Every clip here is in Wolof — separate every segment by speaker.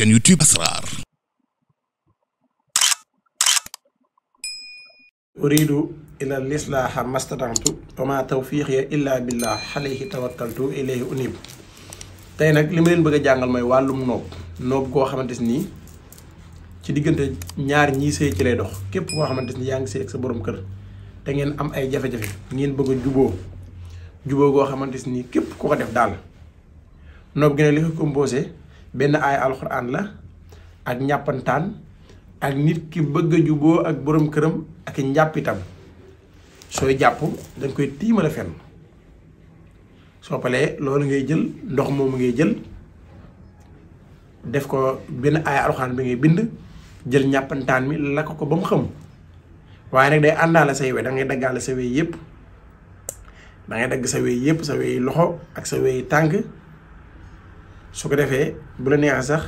Speaker 1: chaîne YouTube Asrar uridu ila lislaaha mastatantu wa ma illa billah tey nag li ma leen bëgg a jàngal mooy wàllum noob noob koo xamante nii ci diggante ñaar ñii sëy ci lay dox képp koo xamante ni yaa ngi sëy ak sa borom kër te ngeen am ay jafe-jafe ngeen bëgg a juboo juboo goo xamante ni képp ku ko def daal noob gi ne li ko composé benn ay alxuraan la ak ñàppantaan ak nit ki bëgg a juboo ak boroom këram ak njàppitam soo jàpp dañ koy tiimale fen soo palee loolu ngay jël ndox moomu ngay jël def ko benn ay alxuraan bi ngay bind jël ñàppantaan mi lakk ko ba mu xam waaye nag day àndaale say we dangay ngay daggaale sa wey yëpp da ngay dagg sa wey yëpp sa wey loxo ak sa wey tànk su ko defee bu la neexee sax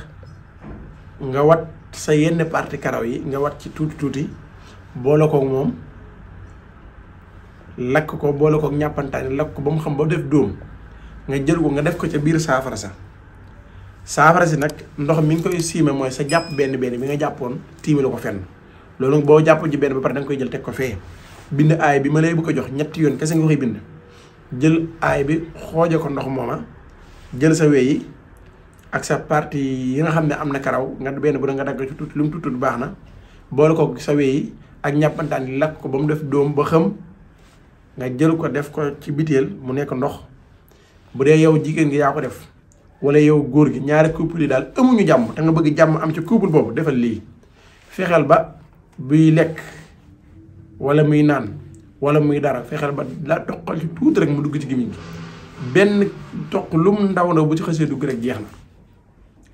Speaker 1: nga wat sa yenn parti karaw yi nga wat ci tuuti tuuti boole koog moom lakk ko boole koog ñàppantaani lakk ko ba mu xam ba def dóom nga jël ko nga def ko ca biir saafara sax saafara si nag ndox mi nga koy siime mooy sa jàpp benn benn bi nga jàppoon tiimale ko fenn loolu boo jàpp ci benn ba pare da nga koy jël teg ko fee bind aay bi ma lay bëgg ko jox ñetti yoon kese nga koy bind jël aay bi xooje ko ndox mooma jël sa wey ak sa parti yi nga xamne amna karaw nga ben bu da nga dagg ci tut lu mu baxna baax ko sa weyi ak ñapantan yi lak ko bam def dom ba xam nga jël ko def ko ci bitel mu nekk ndox bu de yow jigen nga ya ko def wala yow goor gi ñaari couple dal amuñu jamm ta nga bëgg jamm am ci couple bobu defal li fexel ba buy lek wala muy nan wala muy dara fexel ba la tokkal ci tuuti rek mu dugg ci gémmiñ ben tok lum ndaw na bu ci dugg rek jeex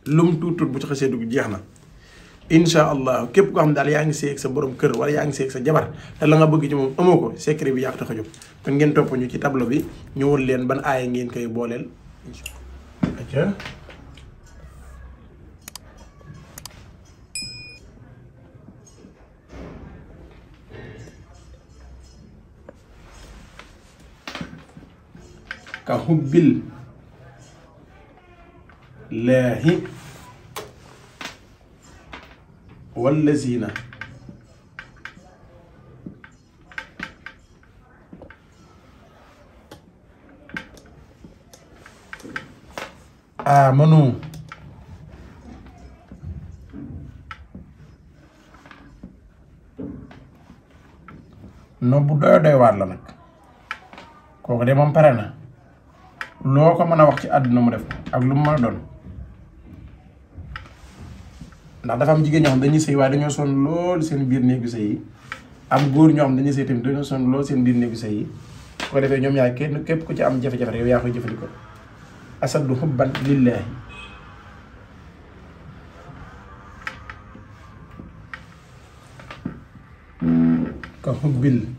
Speaker 1: lum tutur tuut bu ci xasee dugg insha allah képp koo xam dal yaangi seek sa borom keur wala yaangi seek sa jabar te la nga bëgg ci mom amoko secret bi yaak ko kon ngeen ñu ci tableau bi ñu leen ban ay ngeen kay bolel ka hubbil laahi wallazina amanu no bu doy doy la nag kooku de moom pare na loo ko mën a wax ci àdduna mu def ak lu mu mën doon ndax dafa am jigéen ñoo xam dañuy sëy waaye dañoo sonn lool seen biir néegu sëy yi am góor ñoo xam dañuy sëy tamit dañoo sonn lool seen biir néegu sëy yi ko defee ñoom yaay kenn képp ku ci am jafe-jafe rek yow yaa koy jëfandikoo asaddu xubban lillaahi ka xubbil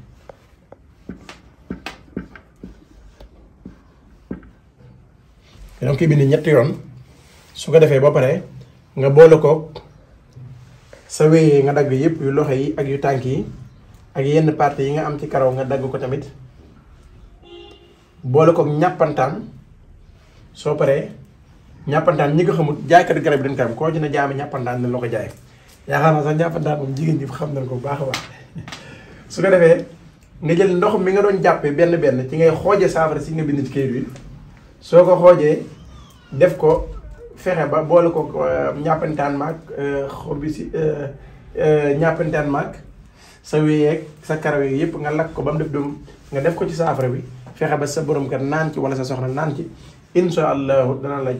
Speaker 1: dañ koy bind ñetti yoon su ko defee ba pare nga boole ko sa wéyee nga dagg yépp yu loxo yi ak yu tànk yi ak yenn parti yi nga am ci karaw nga dagg ko tamit boole ko ñàppantaan soo paree ñàppantaan ñi ko xamul jaaykat garab yi dañ ko am koo ci ne jaame ñàppantaan dañ la ko jaay yaakaar naa sax ñàppantaan moom jigéen ñi xam nañ ko bu baax a baax su ko defee nga jël ndox mi nga doon jàppee benn benn ci ngay xooje saafara si nga bind ci kayit wi soo ko xoojee def ko fexe ba boole ko euh, ñàppantaan maag euh, xobi si euh, ñàppantaan maag sa wéyeeg sa karaw yeeg yëpp nga lakk ko ba mu def du nga def ko ci saafara bi fexe ba sa borom kër naan ci wala sa soxna naan ci insha allahu dana la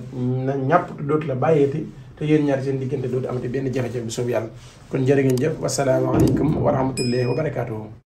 Speaker 1: na ñàpp te dootu la bàyyeeti te yéen ñaar seen diggante dootu amati benn jafe-jafe bu soob yàlla kon jërë ngeen jëf wasalaamaaleykum wa rahmatullahi wa barakaatuhu